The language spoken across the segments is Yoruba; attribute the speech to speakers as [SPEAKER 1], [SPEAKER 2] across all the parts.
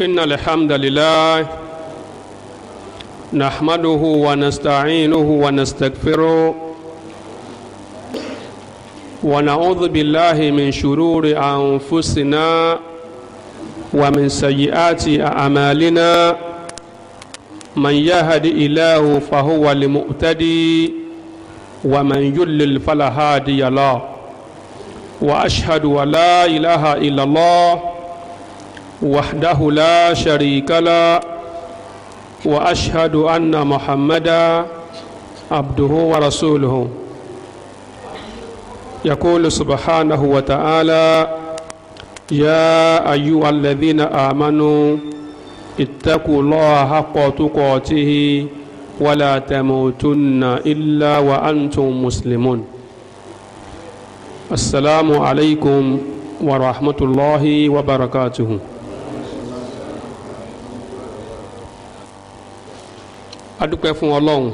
[SPEAKER 1] إن الحمد لله نحمده ونستعينه ونستغفره ونعوذ بالله من شرور أنفسنا ومن سيئات أعمالنا من يهد إله فهو المؤتدي ومن يلل فلا هادي له وأشهد ولا لا إله إلا الله وحده لا شريك له واشهد ان محمدا عبده ورسوله يقول سبحانه وتعالى يا ايها الذين امنوا اتقوا الله حق تقاته ولا تموتن الا وانتم مسلمون السلام عليكم ورحمه الله وبركاته adúpẹ́ fún ọlọ́run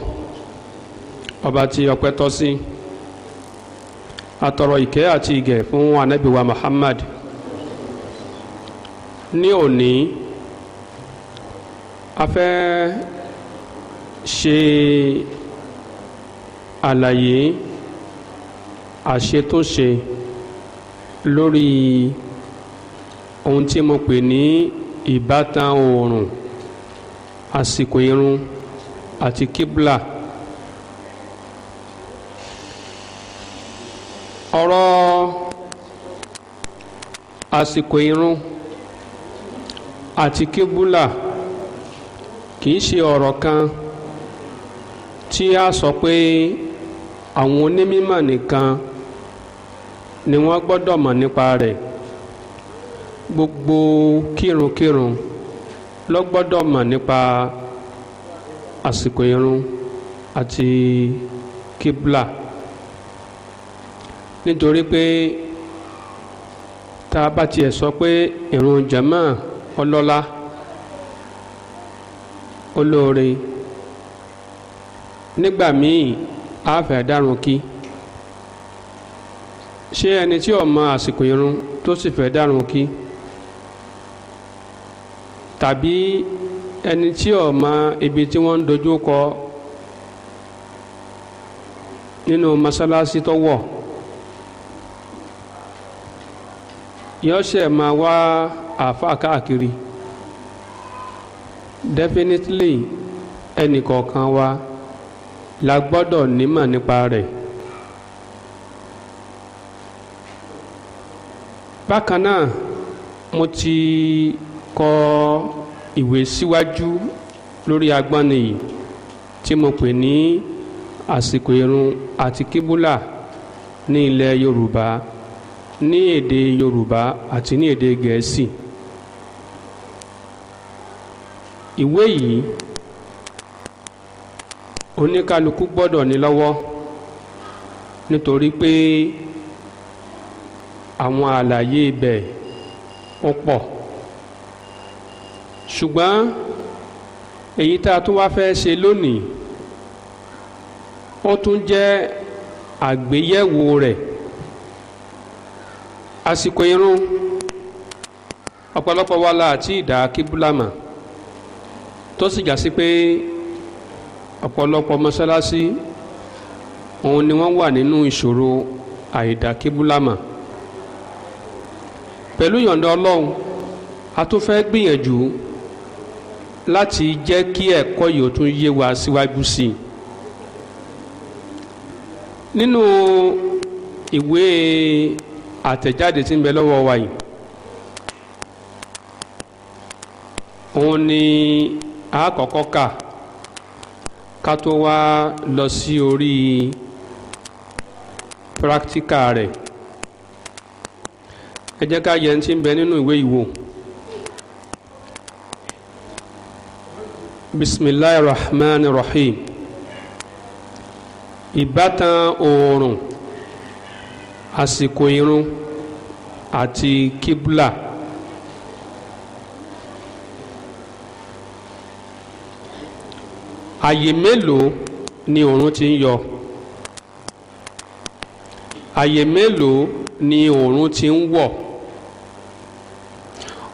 [SPEAKER 1] ọba tí ọpẹ́ tọ́ sí àtọ̀rọ̀ ìkẹ́ àti ìgẹ̀ fún ànábì wa Muhammad ní òní a fẹ́ ṣe àlàyé àṣetúnṣe lórí ohun tí mo pè ní ìbátan oòrùn àsìkò irun àti kíbla ọ̀rọ̀ àsìkò irun àti kíbla kìí ṣe ọ̀rọ̀ kan tí a sọ pé àwọn onímọ̀ nìkan ni wọ́n gbọ́dọ̀ mọ̀ nípa rẹ̀ gbogbo kírunkírun ló gbọ́dọ̀ mọ̀ nípa rẹ̀ àsìkò irun àti kíbla nítorí pé tá a bá tiẹ̀ sọ pé irun jama ọlọ́lá olóore nígbà míì a fẹ́ dárun kí ṣé ẹni tí ó àsìkò irun tó sì fẹ́ dárun kí tàbí ẹni tí ò mọ ibi tí wọ́n ń dojú kọ nínú masalasi tó wọ̀ yọ ṣe máa wá àfa káàkiri definitely ẹnì kọ̀ọ̀kan wa la gbọ́dọ̀ nímọ̀ nípa rẹ̀. bákan náà mo ti kọ́ ọ ìwé síwájú lórí agbọ́nni yìí tí mo pè ní àsìkò irun àti kíbúlà ní ilẹ̀ Yorùbá ní èdè Yorùbá àti ní èdè Gẹ̀ẹ́sì ìwé yìí oníkálukú gbọ́dọ̀ ní lọ́wọ́ nítorí pé àwọn àlàyé ibẹ̀ ó pọ̀ ṣùgbọ́n èyí tá a tún wá fẹ́ ṣe lónìí ó tún jẹ́ àgbéyẹ̀wò rẹ̀ àsìkò irun ọ̀pọ̀lọpọ̀ wa la àti ìdá kíbúlámà tó sì já sí pé ọ̀pọ̀lọpọ̀ mọ́sálásí òun ni wọ́n wà nínú ìṣòro àìdá kíbúlámà pẹ̀lú ìyọ̀ǹda ọlọ́run a tún fẹ́ gbìyànjú láti jẹ́ kí ẹ̀kọ́ yìí ó tún yé wa síwájú sí i nínú ìwé àtẹ̀jáde tí ń bẹ lọ́wọ́ wa yìí òun ni a kọ́kọ́ kà ká tó wá lọ sí orí practical rẹ̀ ẹ jẹ́ ká yẹn tí ń bẹ nínú ìwé yìí بسم الله الرحمن الرحيم ìbátan oòrùn àsìkò irun àti kíbùlà àyè mélòó ni oòrùn ti ń yọ àyè mélòó ni oòrùn ti ń wọ̀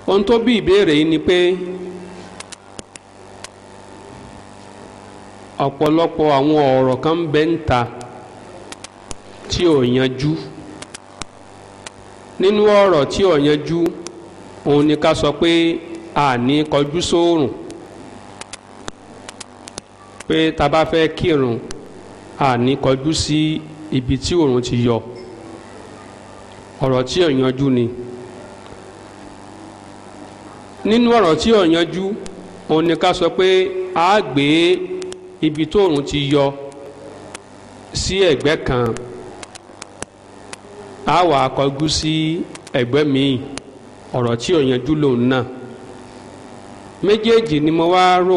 [SPEAKER 1] ohun tó bí ìbéèrè yìí ni pé ọ̀pọ̀lọpọ̀ àwọn ọ̀rọ̀ kan ń bẹ ń ta tí ò yanjú nínú ọ̀rọ̀ tí ò yanjú òun ni ká sọ pé a ní kọjú sóòrùn pé ta bá fẹ́ kírun a ní kọjú sí ibi tí òòrùn ti yọ ọ̀rọ̀ tí ò yanjú ni nínú ọ̀rọ̀ tí ò yanjú òun ni ká sọ pé a gbé ibi tó òòrùn ti yọ sí ẹ̀gbẹ́ kan a wà kọjú sí ẹ̀gbẹ́ míì ọ̀rọ̀ tí ò yanjú lòun náà méjèèjì ni mo wá rò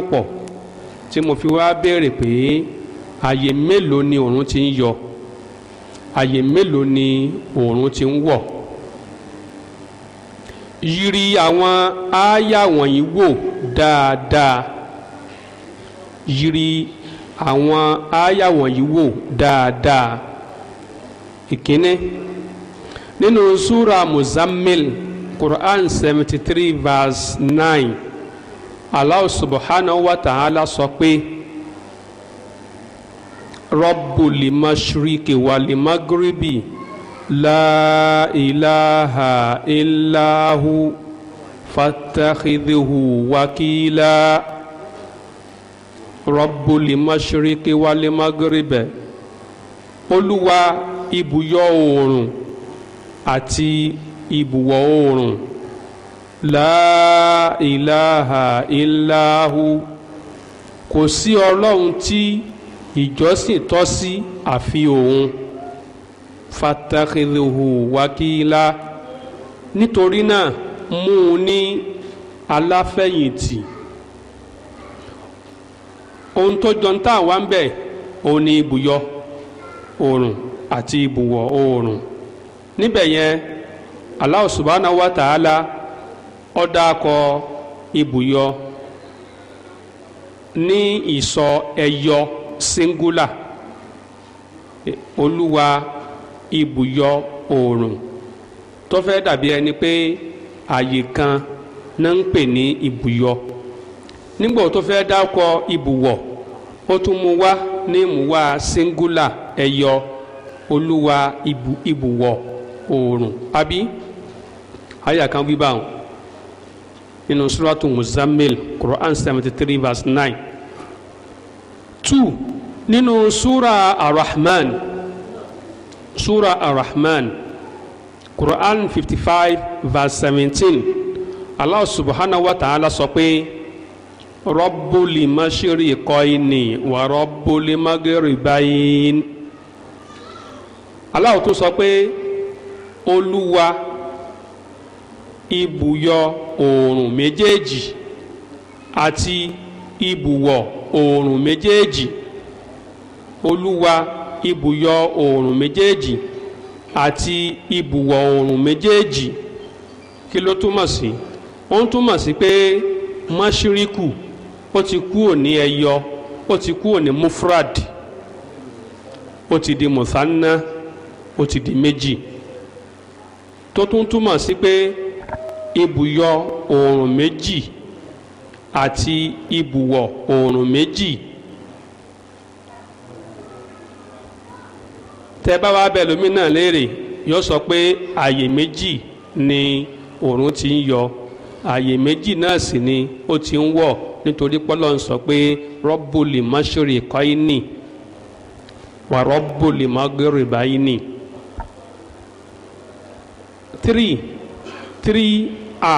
[SPEAKER 1] tí mo fi wá béèrè pé àyè mélòó ni òòrùn ti ń yọ àyè mélòó ni òòrùn ti ń wọ̀ yiri àwọn ááyà wọ̀nyí wò dáadáa yiri àwọn àyà wọ̀nyí wò dáadáa ìkíní nínú súra muzammil quran seventy three verse nine allah subhanahu wa ta'ala sọ pé rọ́bù limashiriki wa limagribi la ilaha illahu fatakhidihu wakila rọ́bùlì mọ́ṣíríkì wálé mọ́gírìbẹ̀ olúwa ibùyọ oòrùn àti ibùwọ̀ oòrùn láìláha ìláhu kò sí ọlọ́run tí ìjọsìn tọ́ sí àfi òun fatakiluhu wakila nítorí náà mú un ní aláfẹ̀yìntì. ohun tó jọ ń tà wá ń bẹ̀ òun ni ibùyọ oòrùn àti ibùwọ oòrùn níbẹ̀ yẹn Allah subhanahu wa ta'ala ibùyọ ní ìsọ ẹyọ singular olúwa ibùyọ oòrùn tó fẹ́ dàbí ẹni pé àyè kan náà ń pè ní ibùyọ. nígbà tó fẹ́ dákọ ibùwọ̀ ó tún mú wá ní ìmúwá singular ẹ̀yọ olúwa ibùwọ̀ oòrùn àbí àyà kan wí báwọn nínú suratu muzammil quran seventy three verse nine two nínú sura arahman sura arahman quran fifty five verse seventeen allah subhanahu wa ta'ala sọ pé. rọ́bùlì mọ́ṣírì kọ́ìnì wà rọ́bùlì mọ́gẹ́rì báyìí. Allah tó sọ pé olúwa ibùyọ oòrùn méjèèjì àti ibùwọ̀ oòrùn méjèèjì olúwa ibùyọ oòrùn méjèèjì àti ibùwọ̀ oòrùn méjèèjì kí ló túmọ̀ sí ó ń túmọ̀ sí pé ó ti kúrò ní ẹyọ ó ti kúrò ní mufrad ó ti di musanna ó ti di méjì tó tún túmọ̀ sí pé ibùyọ oòrùn méjì àti ibùwọ̀ oòrùn méjì tẹ́ bá wá bẹ lómi náà léèrè yóò sọ pé àyè méjì ni oòrùn ti ń yọ àyè méjì náà sì ni ó ti ń wọ̀ nítorí pọ́lọ́ ń sọ pé rọ́bùlì mọ́ṣúrì kọ́ínì wà rọ́bùlì mọ́gẹ́rì báyìí three three a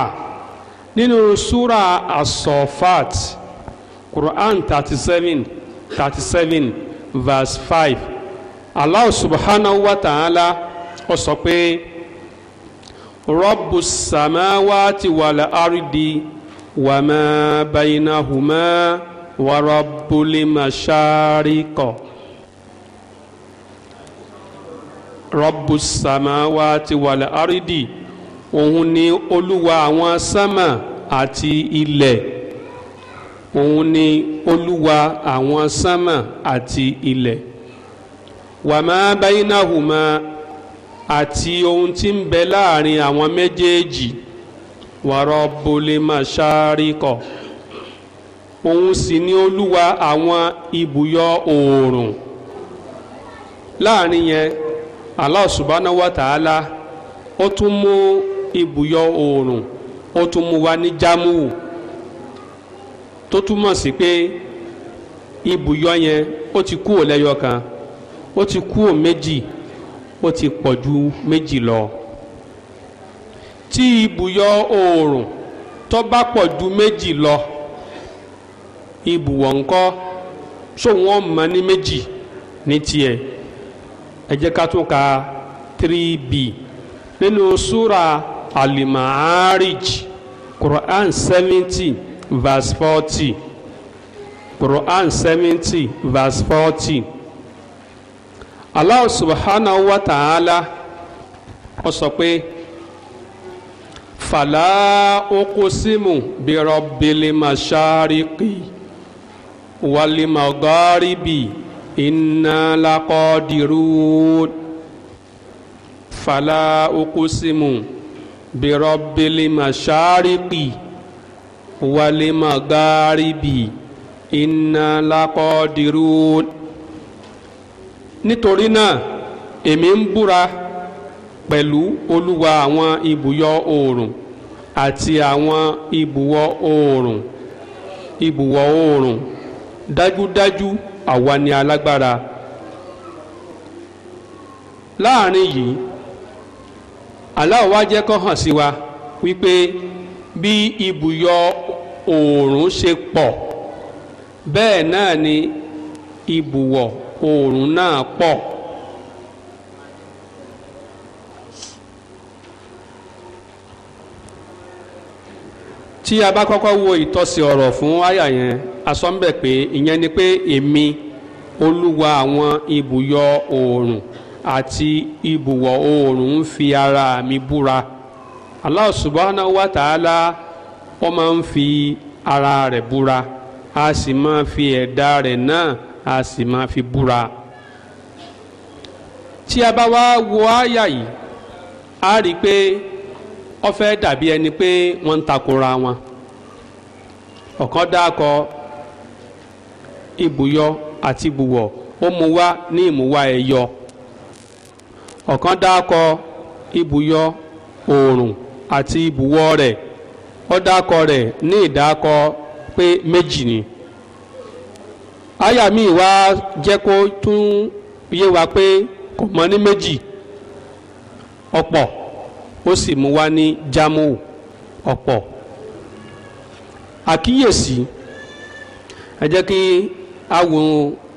[SPEAKER 1] nínú súra asọ̀fàt quran thirty seven thirty seven verse five allah subhanahu wa ta'ala ó sọ pé rọ́bù sàmáwá ti wà lẹ́ وما بينهما ورب المشارق رب السماوات والأرض òun ni olúwa àwọn sámà àti ilẹ̀ òun ni olúwa àwọn sámà àti ilẹ̀ wàmà báyìí náà hùmà àti ohun tí ń bẹ láàrin àwọn méjèèjì wàrọ̀bùlẹ̀ màṣáríkọ̀ òun sì ni olúwa àwọn ibùyọ oòrùn láàrin yẹn Allah subhanahu wa ta'ala ó tún mú ibùyọ oòrùn ó tún mú wa ní jámùú tó túmọ̀ sí pé ibùyọ yẹn ó ti kúrò lẹ́yọ kan ó ti kúrò méjì ó ti pọ̀ ju méjì lọ. tí ibùyọ oòrùn tó bá pọ̀ ju méjì lọ ibùwọ̀ ńkọ́ so ní méjì ní tiẹ̀ ẹ jẹ́ 3b nínú súra alimaharij quran seventy verse forty quran seventy verse forty allah subhanahu wa ta'ala fàlà okosimu birọ̀bìlìmọ̀sáríkì wàlìmọ̀gọ́rìbì ìnàlákọ́dìrún fàlà okosimu birọ̀bìlìmọ̀sáríkì wàlìmọ̀gọ́rìbì ìnàlákọ́dìrún nítorí náà èmi ń búra pẹ̀lú olúwa àwọn ibùyọ oòrùn àti àwọn ibùwọ̀ oòrùn ibùwọ̀ oòrùn dájúdájú àwa ni alágbára láàrin yìí Allah wá jẹ́ kó hàn sí wa wípé bí ibùyọ oòrùn ṣe pọ̀ bẹ́ẹ̀ náà ni ibùwọ̀ oòrùn náà pọ̀. tí a bá kọ́kọ́ wo ìtọ́sí ọ̀rọ̀ fún àyà yẹn asọ́nbẹ̀ pé ìyẹn ni pé èmi olúwa àwọn ibùyọ oòrùn àti ibùwọ̀ oòrùn ń fi ara mi búra Allah subhanahu wa ta'ala ó máa ń fi ara rẹ̀ búra a sì máa fi ẹ̀dá rẹ̀ náà a sì máa fi búra tí a bá wá wo àyà yìí a rí i pé. ó fẹ́ dàbí ẹni pé wọ́n ń takora wọn ọ̀kan dákọ ibùyọ àti ibùwọ̀ ó mú wá ní ìmúwá ẹ̀yọ ọ̀kan dákọ ibùyọ oòrùn àti ibùwọ̀ rẹ̀ ó dákọ rẹ̀ ní ìdákọ pé méjì ni àyà mi wá jẹ́ kó tún yé wa pé kò mọ́ ní méjì ọ̀pọ̀. ó sì mú wá ní jámù ọ̀pọ̀ àkíyèsí ẹ jẹ́ kí a wo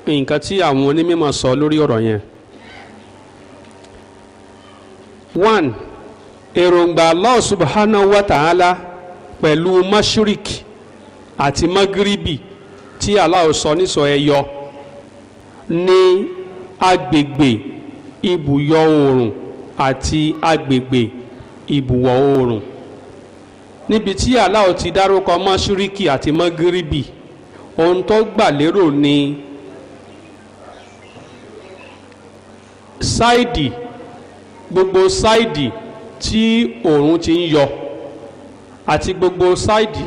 [SPEAKER 1] nǹkan tí àwọn onímọ̀ sọ lórí ọ̀rọ̀ yẹn one èròǹgbà Allah subhanahu wa ta'ala pẹ̀lú mashirik àti magribi tí Allah sọ nísọ ẹyọ ní agbègbè ibùyọ oòrùn àti agbègbè ìbùwọ̀ oòrùn níbi tí aláwo ti dárúkọ mọ́ ṣíríkì àti mọ́ gíríbì ohun tó gbà lérò ni sáìdì gbogbo sáìdì tí oòrùn ti ń yọ àti gbogbo sáìdì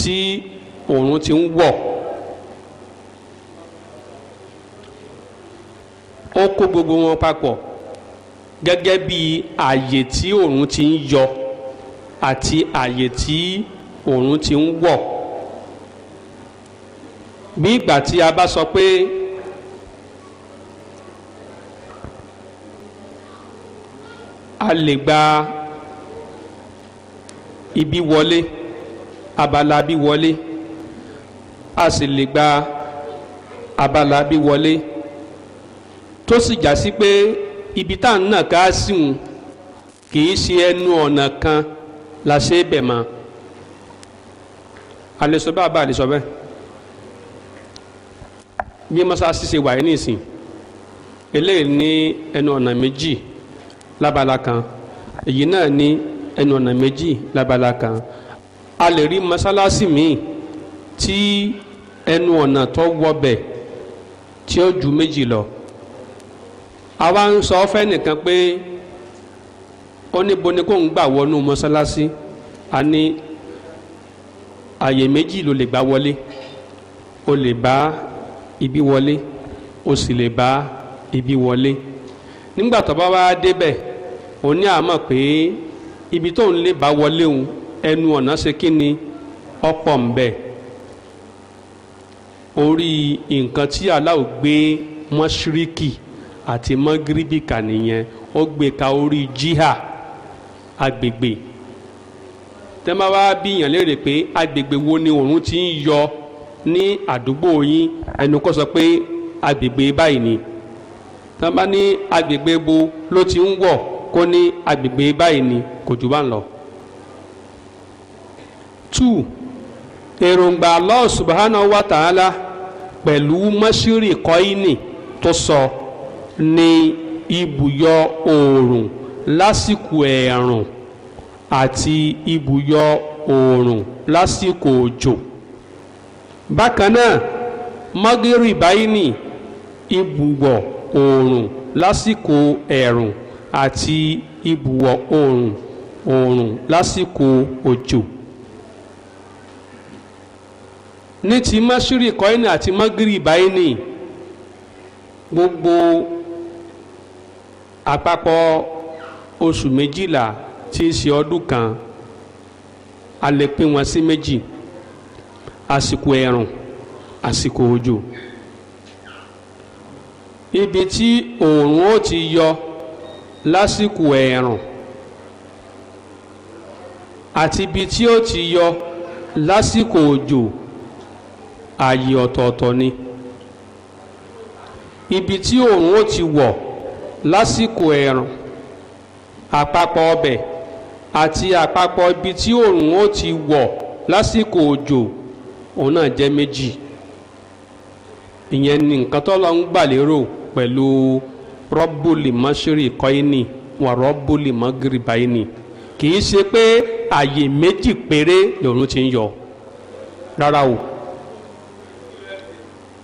[SPEAKER 1] tí oòrùn ti ń wọ̀ ó kó gbogbo wọn papọ̀ gẹ́gẹ́ bí àyè tí òòrùn ti ń yọ àti àyè tí òòrùn ti ń wọ̀ bí ìgbà tí a bá sọ pé a lè gba ibi wọlé abala bí wọlé a sì lè gba abala bí wọlé tó sì já sí pé ibi tá à ń nà ká síhun kì í ṣe ẹnu ọ̀nà kan la ṣe é bẹ̀ mọ́ àlesọ bá a bá àlesọ bẹ́ẹ̀ bí mọ́sáàsì ṣe wà ní ìsìn eléyìí ní ẹnu ọ̀nà méjì lábala kan èyí náà ní ẹnu ọ̀nà méjì lábala kan a lè rí mọ́sálásí míì tí ẹnu ọ̀nà tó wọbẹ̀ tí ó ju méjì lọ àwa ń sọ fẹ́ nìkan pé ó níbo ni kò ń gbà wọnú mọ́sálásí a ní àyè méjì ló lè gbà wọlé o lè bá ibi wọlé o sì lè bá ibi wọlé nígbà tó bá wá débẹ̀ o ní àmọ̀ pé ibi tó ń lè bá wọlé òun ẹnu ọ̀nà ṣe kí ni ọ̀pọ̀ ń bẹ orí nǹkan tí aláwọ̀ gbé mọ́ṣíríkì àti mọ́gíríbì kà nìyẹn ó gbé ka orí jíhà agbègbè tẹ́lẹ̀ wá bíyàn léèrè pé agbègbè wo ni òòrùn ti ń yọ ní àdúgbò yín ẹnu kọ́ sọ pé agbègbè báyìí ni ní agbègbè bo ló ti ń wọ̀ kó ní agbègbè báyìí ni kò jù bá ń lọ. sọ. ni ibùyọ oòrùn lásìkò ẹ̀ẹ̀rùn àti ibùyọ oòrùn lásìkò òjò bákan náà magiri bayini ibùwọ̀ oòrùn lásìkò ẹ̀ẹ̀rùn àti ibùwọ̀ oòrùn oòrùn lásìkò òjò ní ti mashiri kọ́ínì àti magiri bayini gbogbo àpapọ̀ oṣù méjìlá tí í ṣe ọdún kan a lè pín wọn sí méjì àsìkò ẹ̀rùn àsìkò òjò ibi tí oòrùn ó ti yọ lásìkò ẹ̀rùn àti ibi tí ó ti yọ lásìkò òjò ààyè ọ̀tọ̀ọ̀tọ̀ ni ibi tí oòrùn ó ti wọ̀ lásìkò ẹ̀rùn àpapọ̀ ọbẹ̀ àti àpapọ̀ ibi tí òòrùn ó ti wọ̀ lásìkò òjò òun náà jẹ́ méjì ìyẹn ni nǹkan tó lọ ń gbà lérò pẹ̀lú rọ́bùlì mọ́ṣírì kọ́ínì wà rọ́bùlì mọ́gìrì báyìí kì í ṣe pé àyè méjì péré lòun ti ń yọ rárá o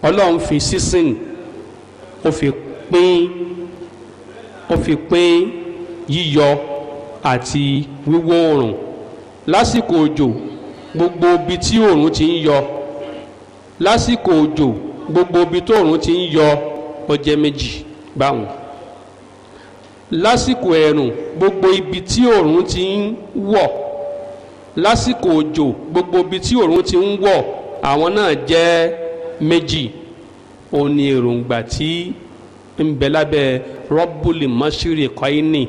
[SPEAKER 1] ọlọ́run fi sísìn ó fi pín ó fi pín yíyọ àti wíwọ̀ oòrùn lásìkò òjò gbogbo ibi tí oòrùn ti ń yọ lásìkò òjò gbogbo ibi tó oòrùn ti ń yọ ó jẹ́ méjì báwọn lásìkò ẹ̀rùn gbogbo ibi tí oòrùn ti ń wọ̀ lásìkò òjò gbogbo ibi tí oòrùn ti ń wọ̀ àwọn náà jẹ́ méjì ó èròǹgbà tí ń bẹ lábẹ́ rọ́bùlì mọ́ṣúrì kọ́ínì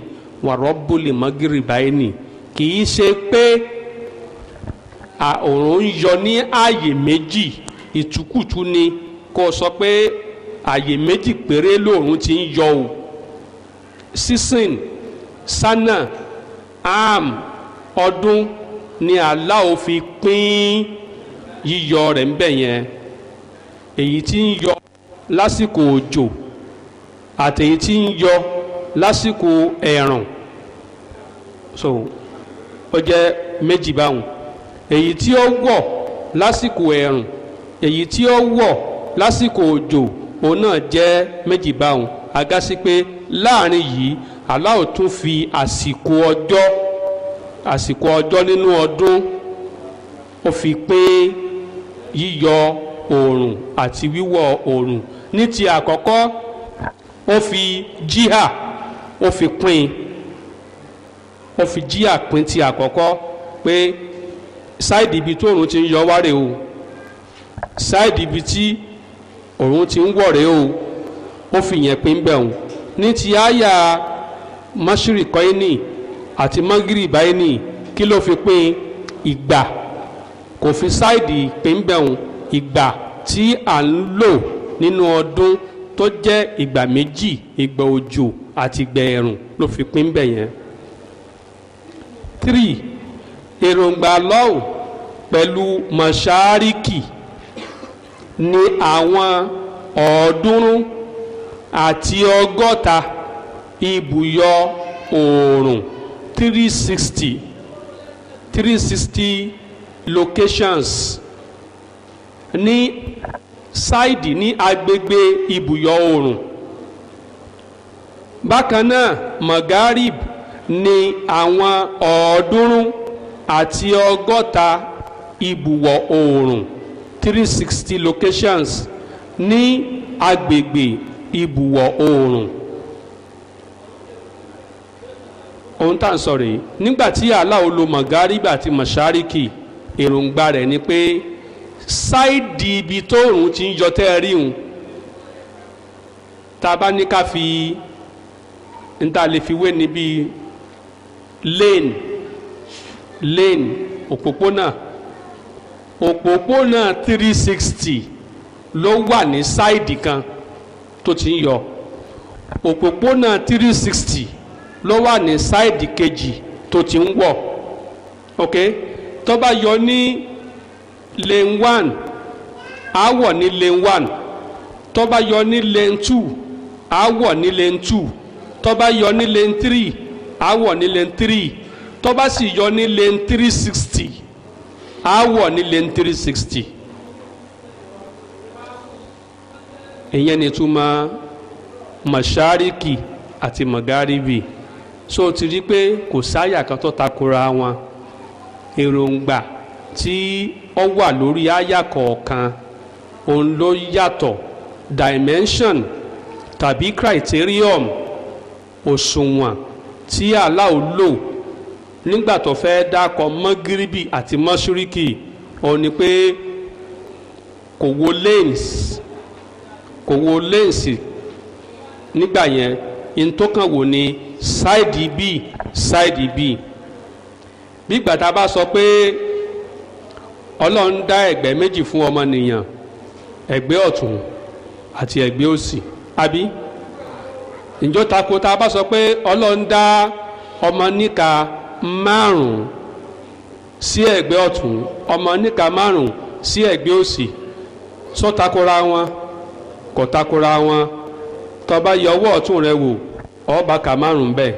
[SPEAKER 1] wà rọ́bùlì mọ́gìrìbáínì kì í ṣe pé òòrùn ń yọ ní ààyè méjì ìtukùtù ni kó sọ pé ààyè méjì péré lòòrùn ti ń yọ o sísìn sánà am ọdún ni Allah ó fi pín yíyọ rẹ̀ ń bẹ̀ yẹn èyí tí ń yọ lásìkò òjò àtẹ̀yí tí ń yọ lásìkò ẹ̀rùn so ó jẹ́ méjì báwọn èyí tí ó wọ̀ lásìkò ẹ̀rùn èyí tí ó wọ̀ lásìkò òjò òun náà jẹ́ méjì báwọn agásí pé láàrin yìí aláwọ̀ tún fi àsìkò ọjọ́ àsìkò ọjọ́ nínú ọdún ó fi pé yíyọ oòrùn àti wíwọ̀ oòrùn ní ti àkọ́kọ́ ó fi jíhà ó fi pín ó fi jíhà pín ti àkọ́kọ́ pé sáìdì ibi tó òòrùn ti ń yọ wárè o sáìdì ibi tí òòrùn ti ń wọ̀rẹ́ o ó fi yẹn pín bẹ̀rù ní ti àyà mọ́ṣúrìkọ́ínì àti mọ́gìrìbáínì kí ló fi pín ìgbà kò fi sáìdì pín bẹ̀rù ìgbà tí à ń lò nínú ọdún tó jẹ́ ìgbà méjì ìgbà òjò àti ìgbà ẹ̀rùn ló fi pín bẹ̀ yẹn. three èròǹgbà Allahu pẹ̀lú mọ̀ṣáárìkì ni àwọn ọ̀ọ́dúnrún àti ọgọ́ta ibùyọ oòrùn three sixty three sixty locations ní ṣáìdì ní agbègbè ibùyọ oòrùn bákan náà magarib ní àwọn ọ̀ọ́dúnrún àti ọgọ́ta ibùwọ̀ oòrùn three sixty locations ní agbègbè ibùwọ̀ oòrùn. ohun tá à ń sọ rèé nígbà tí Allah lò mọ̀gáríbà àti mọ̀ṣáríkì èròǹgbà rẹ̀ ni pé sáìdì ibi tóòrùn ti ń yọ tẹ́ un rí hùn tá bá ní ká fi níta lè fi wé níbi lane lane òpópónà òpópónà three sixty ló wà ní sáìdì kan tó ti ń yọ òpópónà three sixty ló wà ní sáìdì kejì tó ti ń wọ̀ ok tó bá yọ ní. lane one á wọ̀ ní lane one tó bá yọ ní lane two á wọ̀ ní lane two tó bá yọ ní lane three á wọ̀ ní lane three tó bá sì yọ ní lane three sixty á wọ̀ ní lane three sixty. ìyẹn ni túmọ̀ mọ̀ṣáríkì àti mọ̀gáríbì so ti rí pé kò sáyà kan tó takora wọn èròǹgbà. E tí ó wà lórí àyà kọ̀ọ̀kan òun ló yàtọ̀ dimension tàbí criterion òṣùwọ̀n tí aláwo lò nígbà tó fẹ́ dákọ̀ mọ́gíríbì àti mọ́ṣúríkì òun ni pé kò wo lens kò wo lens nígbà yẹn ntọ́kàn wò ni ṣáìdì bíi ṣáìdì bíi bí gbàtà bá sọ pé ọlọ́run dá ẹ̀gbẹ́ méjì fún ọmọnìyàn ẹ̀gbẹ́ ọ̀tún àti ẹ̀gbẹ́ òsì àbí ǹjọ́ tako tá a bá sọ pé ọlọ́run dá ọmọ níka márùn-ún sí ẹ̀gbẹ́ ọ̀tún ọmọ níka márùn-ún sí ẹ̀gbẹ́ òsì sọ takora wọn kò takora wọn tó bá yẹ ọwọ́ ọ̀tún rẹ wò ó bá ka márùn-ún bẹ́ẹ̀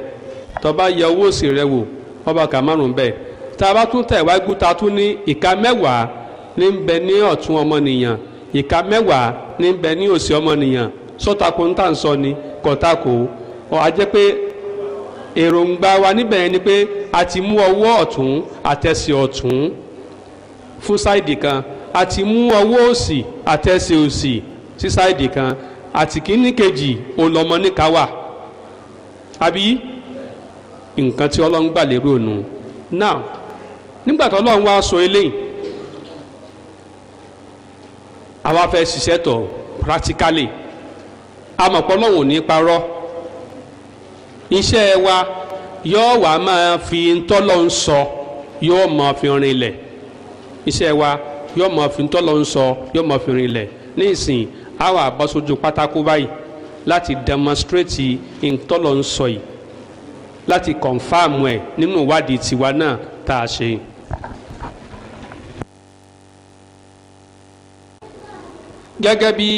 [SPEAKER 1] tó bá òsì rẹ wò ó bá márùn-ún bẹ́ẹ̀ tá a bá tún tẹ̀ wá gúta tún ní ìka mẹ́wàá ní ń bẹ ní ọ̀tún ọmọnìyàn ìka mẹ́wàá ní ń bẹ ní òsì ọmọnìyàn sọ́tako ń tà ń sọ ni kọ̀tako ọ̀ á jẹ́ pé èròǹgbà wa níbẹ̀ yẹn ni pé a ti mú ọwọ́ ọ̀tún àtẹsẹ̀ ọ̀tún fún sáìdì kan a ti mú ọwọ́ òsì àtẹsẹ̀ òsì sí sáìdì kan àti kínní kejì olọmọ níka wà àbí nǹkan tí ọlọ́run gbà lérò nù now nígbà tó Ọlọ́run wá sọ eléyìí àwa fẹ́ ṣiṣẹ́ tọ̀ practically amọ̀pọ̀ Ọlọ́run ò ní parọ́ iṣẹ́ wa yóò wá máa fi ntọ́lọ́ ń sọ yóò máa fi rinlẹ̀ iṣẹ́ wa yóò máa fi ntọ́lọ́ ń sọ yóò máa fi rinlẹ̀ ní ìsìn àwa bọ́ pátákó báyìí láti demonstrate ntọ́lọ́ ń sọ yìí láti confam ẹ̀ nínú ìwádìí tiwa náà tá a ṣe. gẹ́gẹ́ bí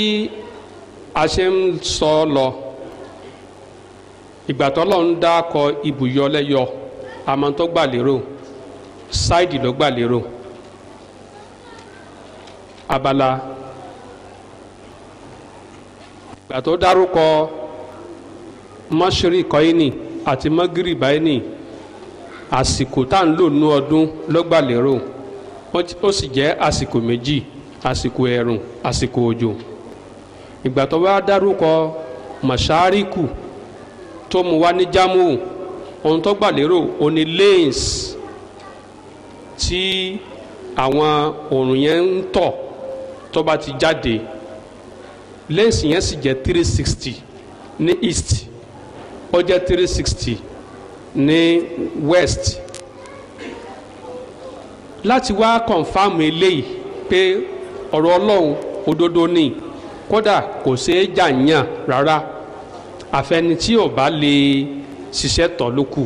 [SPEAKER 1] a ṣe ń sọ lọ ìgbà tó lọ́n dákọ ibùyọlẹ́yọ àmọ́ tó gbà lérò ṣáìdì ló gbà lérò abala ìgbà tó dárúkọ mọ́ṣírí kọ́ínì àti mọ́gírì báínì àsìkò tá à ń lò nú ọdún ló gbà lérò ó sì jẹ́ àsìkò méjì àsìkò ẹ̀rùn àsìkò òjò ìgbà tó wá dárúkọ mọ̀ṣáríkù tó mú wá ní jámù ohun tó gbà lérò ó ní lanes tí àwọn òrùn yẹn ń tọ̀ tó bá ti jáde lanes yẹn sì jẹ́ three sixty ní east ó jẹ́ three sixty ní west láti wá kọ̀nfàmù eléyìí pé ọ̀rọ̀ ọlọ́run òdodo ni kódà kò ṣeé jàǹyàn rárá àfẹni tí ò bá lè ṣiṣẹ́ tọ́ ló kù.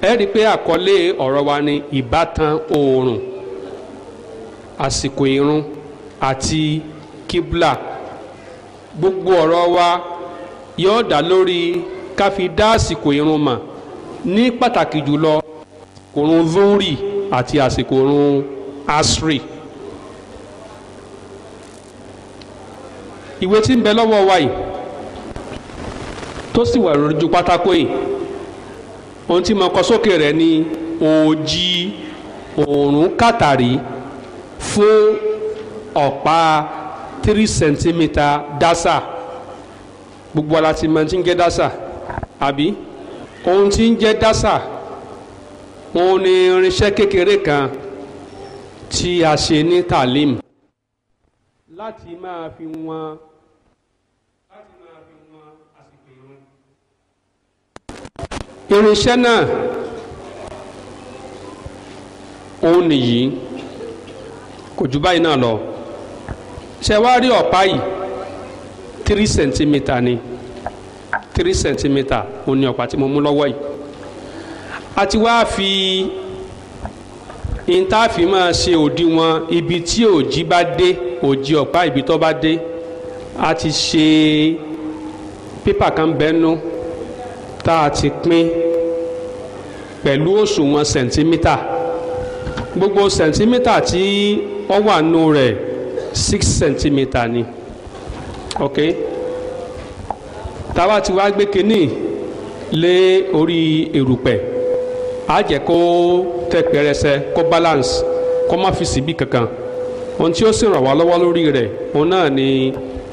[SPEAKER 1] ẹ rí i pé àkọlé ọ̀rọ̀ wa ni ìbátan oòrùn àsìkò ìrun àti kíbla gbogbo ọ̀rọ̀ wa yóò dá lórí ká fi dá àsìkò ìrun mọ̀ ní pàtàkì jùlọ kòrun vúrì àti àsìkò ìrun asri ìwé tí ń bẹ lọ́wọ́ wa yìí tó sì wà lójú pátákó yìí ohun tí mo kọ sókè rẹ̀ ni òòjì òòrùn kàtàrí fún ọ̀pá three centimeter dasa gbogbo ala ti máa ti ń jẹ́ dasa àbí ohun tí ń jẹ́ dasa òun ni irinṣẹ́ kékeré kan tí a ṣe ní talim láti máa fi wọn láti máa fi wọn àsìkò ìrun. irinṣẹ́ náà òun nìyí kò jù báyìí náà lọ ṣe wá rí ọ̀pá yìí three centimeter ni three centimeter òun ni ọ̀pá tí mo mú lọ́wọ́ yìí a ti wá fi ìntàfi máa ṣe òdiwọ̀n ibi tí òjì bá dé òjì ọ̀pá ibi tó bá dé a ti ṣe pépà kan bẹ́nu tá a ti pín pẹ̀lú òṣùwọ̀n sẹ̀ńtímítà gbogbo sẹ̀ńtímítà tí ó wà nù rẹ̀ six sẹ̀ńtímítà ni ok táwa ti wá gbé kínní lé orí erùpẹ̀ á jẹ́ kó tẹ pẹrẹsẹ kó balance kó má fi síbi kankan ohun tí ó sì ràn wá lọ́wọ́ lórí rẹ̀ òun náà ni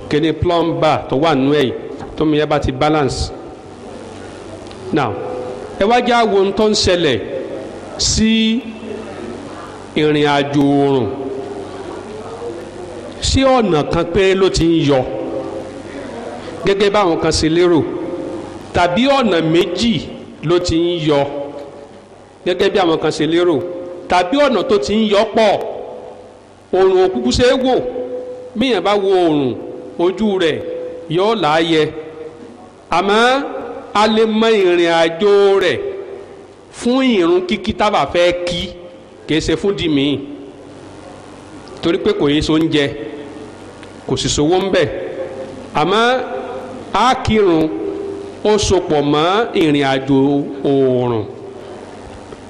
[SPEAKER 1] kíní plumber tó wà nú ẹ̀ tómi yẹn bá ti balance now ẹ wá já wo ohun tó ń ṣẹlẹ̀ sí ìrìn àjò oòrùn sí ọ̀nà kan pé ló ti ń yọ gẹ́gẹ́ báwọn kan ṣe lérò tàbí ọ̀nà méjì ló ti ń yọ gẹ́gẹ́ bí àwọn kan ṣe lérò tàbí ọ̀nà tó ti ń yọ pọ̀ òòrùn òkúkú ṣe é wò míyàn bá wo òòrùn ojú rẹ̀ yóò láàyè àmọ́ a lè mọ ìrìn àjò rẹ̀ fún ìrun kíkí tábà fẹ́ kí kìí ṣe fún di míì torí pé kò yẹ so ń jẹ kò sì sowó ń bẹ àmọ́ a kírun ó sopọ̀ mọ́ ìrìn àjò òòrùn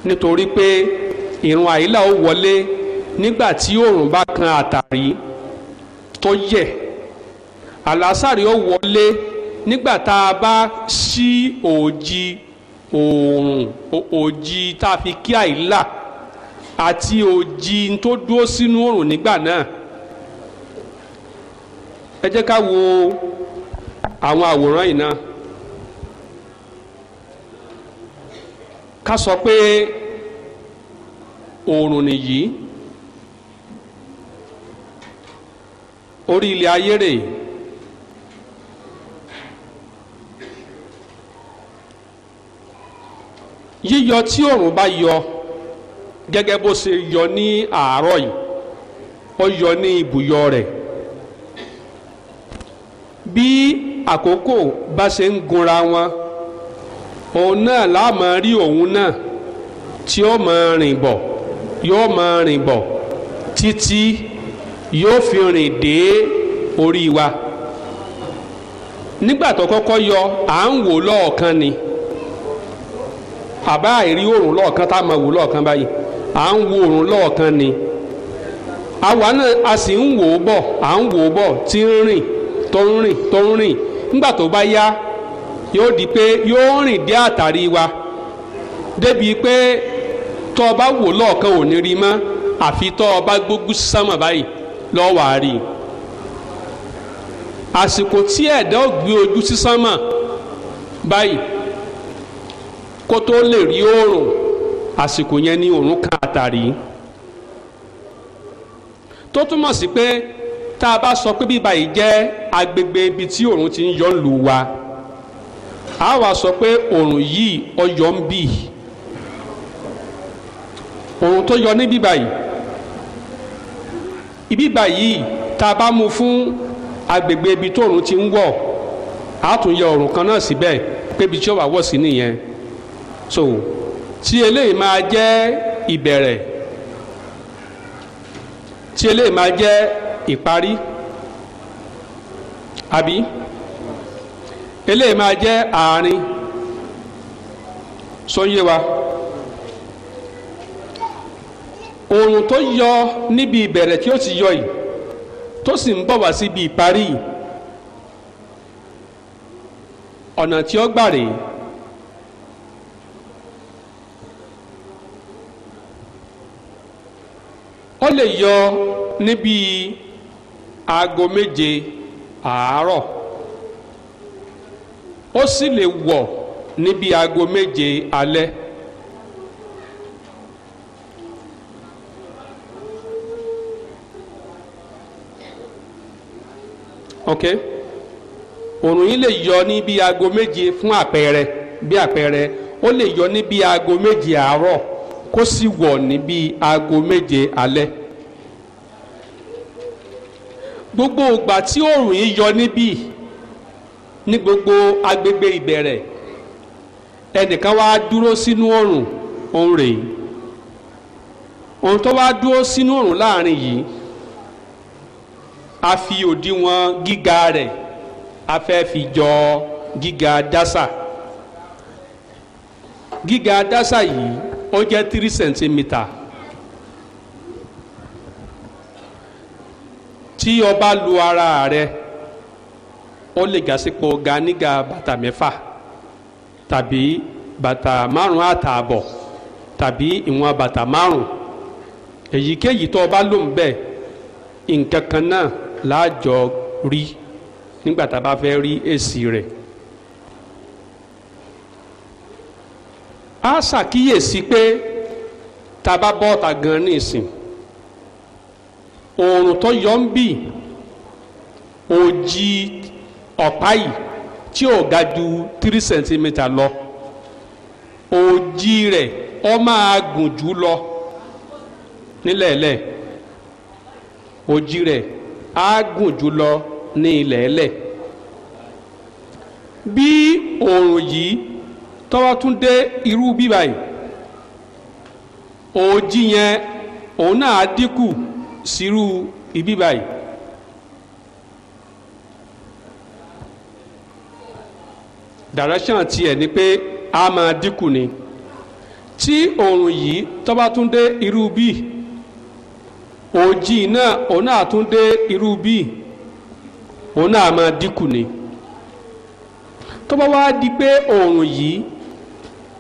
[SPEAKER 1] nítorí pé ìrun àyílà ó wọlé nígbà tí òòrùn bá kan àtàrí tó yẹ àlásàrì ó wọlé nígbà tá a bá ṣí òòjì òòrùn òòjì tá a fi kí àyílà àti òòjì tó dúró sínú òòrùn nígbà náà ẹ jẹ́ ká wo àwọn àwòrán yìí náà. ká sọ pé oòrùn nìyí orí ilẹ̀ ayé rèé. yíyọ tí òòrùn bá yọ gẹ́gẹ́ bó ṣe yọ ní àárọ̀ yìí ó yọ ní ibùyọ rẹ̀ bí àkókò bá ṣe ń gunra wọn òun náà láàmà rí òun náà tí ó mọ rìn bọ̀ yóò máa rìn bọ̀ fi rìn dé orí wa nígbà tó kọ́kọ́ yọ à ń wò lọ́ọ̀kan ni àbá àìrí òòrùn lọ́ọ̀kan tá a máa wò lọ́ọ̀kan báyìí à ń òòrùn lọ́ọ̀kan ni àwa a sì ń wò ó bọ̀ à ń wò ó bọ̀ tí ń rìn tó ń rìn tó ń rìn nígbà tó bá yóò di pé yóò rìn dé àtàrí wa débi pé tọ́ ọ bá wò lọ́ọ̀kan ò ní rí mọ́ àfi tọ́ ọ bá gbógun sámọ̀ báyìí lọ́wọ́ àárí àsìkò tí ẹ̀dá ò gbé ojú sí sámọ̀ báyìí kó tó lè rí oòrùn àsìkò yẹn ni oòrùn kan àtàrí tó túmọ̀ sí pé tá a bá sọ pé bíbá yìí jẹ́ agbègbè ibi tí oòrùn ti ń yọ lù wá a wá sọ pé òòrùn yìí ọyọ ń bì òòrùn tó yọ ní bíbà yìí ibíbà yìí tá a bá mú fún agbègbè ibi tóòrùn ti ń wọ̀ a tún yọ òòrùn kan náà síbẹ̀ pé ibi tí ó wà wọ̀ sí nìyẹn so tí eléyìí máa jẹ́ ìbẹ̀rẹ̀ tí eléyìí máa jẹ́ ìparí àbí. eléyìí máa jẹ àárín sóyè wa oòrùn tó yọ níbi ìbẹ̀rẹ̀ tí ó ti yọ yìí tó sì ń bọ̀ wá síbi ìparí yìí ọ̀nà tí ó gbà rèé ó lè yọ níbi aago méje àárọ̀. ó sì lè wọ̀ níbi aago méje alẹ́. ok òrùn yìí lè yọ ní aago méje fún àpẹẹrẹ bí àpẹẹrẹ ó lè yọ ní aago méje àárọ̀ kó sì wọ̀ ní aago méje alẹ́ gbogbo ìgbà tí òrùn yìí yọ níbí ní gbogbo agbègbè ìbẹ̀rẹ̀ ẹnìkan wá dúró sínú oòrùn òun rèé ohun tó wá dúró sínú oòrùn láàrin yìí a fi òdiwọ̀n gíga rẹ̀ a fẹ́ fi jọ gíga dásà gíga dásà yìí ó jẹ́ three centimetre tí o lu ara rẹ̀ ó lè ga sípò ga níga bàtà mẹ́fà tàbí bàtà márùn àtààbọ̀ tàbí ìwọ̀n bàtà márùn èyíkéyìí tó o bá lò ń nǹkan kan náà láàjọ rí nígbà tá a bá fẹ́ rí èsì rẹ̀. a ṣàkíyèsí pé tá a bá bọ́ ọ̀tà gan ní ìsìn oòrùn tó yọ ń bì òjì ọ̀pá yìí tí ò ga ju three centimeter lọ òjì rẹ̀ ọ máa gùn jù lọ nílẹ̀ẹ́lẹ̀ òjì rẹ̀ á gùn jù lọ ní ilẹ̀ẹ́lẹ̀ bí òòrùn yìí tọ́wọ́ tún dé irú òjì yẹn òun náà dínkù sírú direction tiẹ̀ ni pé a máa dínkù ni tí òòrùn yìí tó bá tún dé irú bíi òjì náà òun náà tún dé irú bíi òun náà máa dínkù ni tó bá wá di pé òòrùn yìí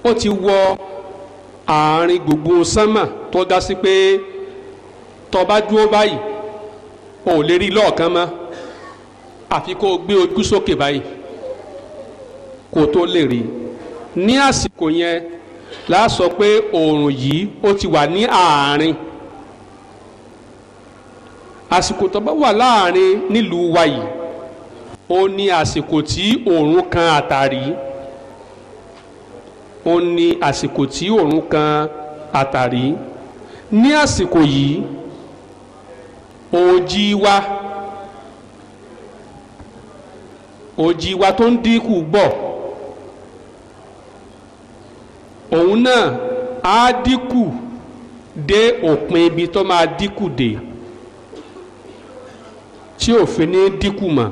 [SPEAKER 1] ó ti wọ àárín gbogbo sánmà tó ga sí pé tó dúró báyìí ò lè rí lọ́ọ̀kan mọ́ àfi kó o gbé ojú sókè báyìí kó tó lè rí ní àsìkò yẹn la sọ pé oòrùn yìí ó ti wà ní àárín àsìkò tó bá wà láàárín nílùú wa yìí ó ní àsìkò tí oòrùn kan àtàrí ó ní àsìkò tí oòrùn kan àtàrí ní àsìkò yìí òjì wa òjì wa tó ń dínkù gbọ́ òun náà á dínkù dé òpin ibi tó máa dínkù dé tí òfin ní dínkù mọ́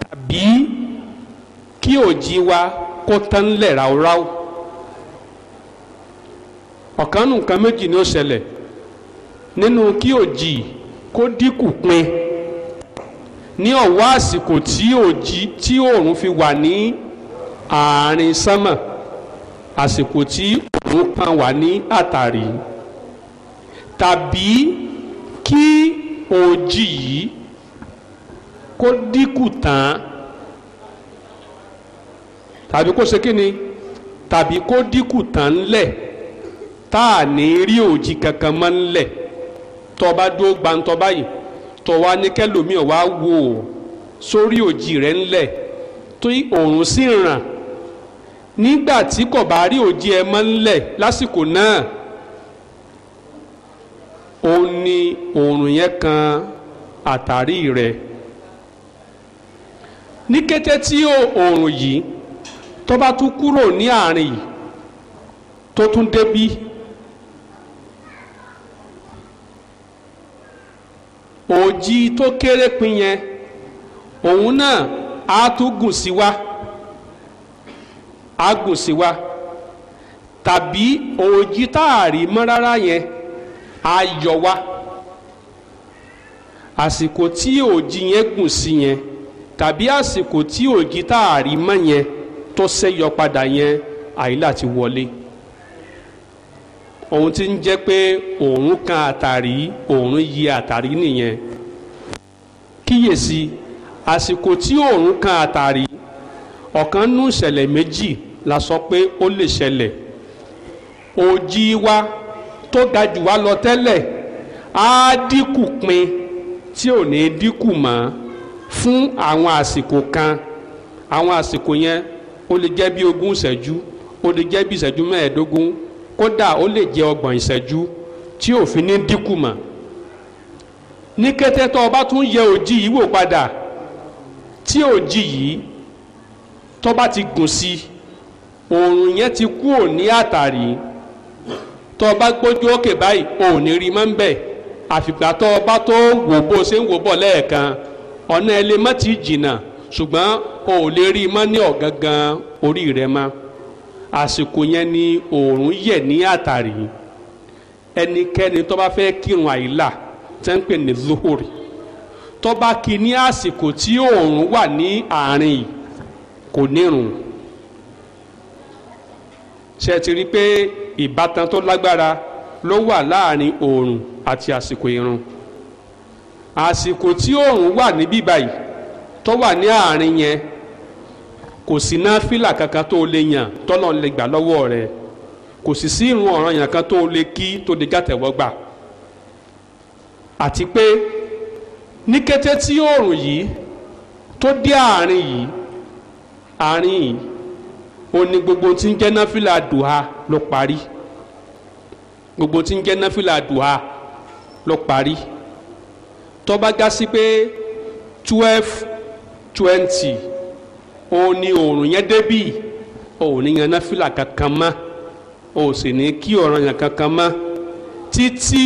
[SPEAKER 1] tàbí kí òjì wa kó tán lẹ̀ ráúráú ọ̀kan nù nǹkan méjì ni ó ṣẹlẹ̀ nínú kí òjì kó dínkù pin ní ọ̀wọ́ àsìkò tí òjì tí òòrùn fi wà ní àárín sánmà àsìkò tí òun kan wà ní àtàrí tàbí kí òjì yìí kó dínkù tán tàbí kó ṣe kí ni tàbí kó dínkù tán ńlẹ̀ tá a ní rí òjì kankan mọ́ ńlẹ̀ tó bá dúró gbantọ́ báyìí tó wá ní kẹlòmíì wá wò ó sórí òjì rẹ̀ ńlẹ̀ tó òòrùn sì ràn nígbà tí kò bá rí òjì ẹmọ ńlẹ̀ lásìkò náà ó ní oòrùn yẹn kan àtàrí rẹ̀ ní kété tí oòrùn yìí tó bá tún kúrò ní àárín yìí tó tún débí òjì tó kéré pin yẹn òun náà á tún gùn sí wa àgùn sí wa tàbí òòjì táàrí mọ́ rárá yẹn á yọ wá àsìkò tí òòjì yẹn gùn sí yẹn tàbí àsìkò tí òòjì táàrí mọ́ yẹn tó ṣẹ́yọ padà yẹn àyílà ti wọlé ohun tí ń jẹ́ pé òòrùn kan àtàrí òòrùn yí àtàrí nìyẹn kíyèsí àsìkò tí òòrùn kan àtàrí ọ̀kan nú ìṣẹ̀lẹ̀ méjì la sọ pé ó lè ṣẹlẹ̀ òjì wa tó ga jù wá lọ tẹ́lẹ̀ á dínkù pin tí ò ní dínkù mọ́ fún àwọn àsìkò kan àwọn àsìkò yẹn ó lè jẹ́ bí ogún ìṣẹ́jú ó lè jẹ́ bí ìṣẹ́jú mẹ́ẹ̀ẹ́dógún kódà ó lè jẹ́ ọgbọ̀n ìṣẹ́jú tí òfin ní dínkù mọ́ ní kété tó o bá tún yẹ òjì yìí wò padà tí òjì yìí tó bá ti gùn sí i òòrùn yẹn ti kú ò ní àtàrí tó o bá gbójú òkè báyìí ò ní rí mọ́ ń bẹ̀ àfìgbà tó o bá tó wò bó o ṣe ń wò bọ̀ lẹ́ẹ̀kan ọ̀nà ẹ̀ lè má ti jìnnà ṣùgbọ́n o ò lè rí mọ́ ní ọ̀gángan orí rẹ mọ́ àsìkò yẹn ni òòrùn yẹ ní àtàrí ẹnikẹ́ni tó bá fẹ́ kírun àìlà tẹ́ ń pè ní zuhuri tó bá kí ní àsìkò tí òòrùn wà ní àárín yìí, kò nírun. ṣe ti rí pé ìbátan tó lágbára ló wà láàrin oòrùn àti àsìkò ìrun àsìkò tí oòrùn wà níbí báyìí tó wà ní àárín yẹn kò sí náfìlà kankan tó lè yàn tọ́lọ́ lè gbà lọ́wọ́ rẹ̀ kò sì sí ìrun ọ̀ràn yàn kan tó lè kí tó lè gàtẹ̀wọ́gbà àti pé ní kété tí oòrùn yìí tó dé àárín yìí àárín yìí ó ní gbogbo tí ń jẹ́ náfìlà dùhà ló parí gbogbo tí ń jẹ́ náfìlà dùhà ló parí tó bá sí pé twelve twenty òun ni òòrùn yẹn débì òun ní yan náfìlà kankan mọ́ o sì ní kí ọ̀ràn yàn kankan mọ́ títí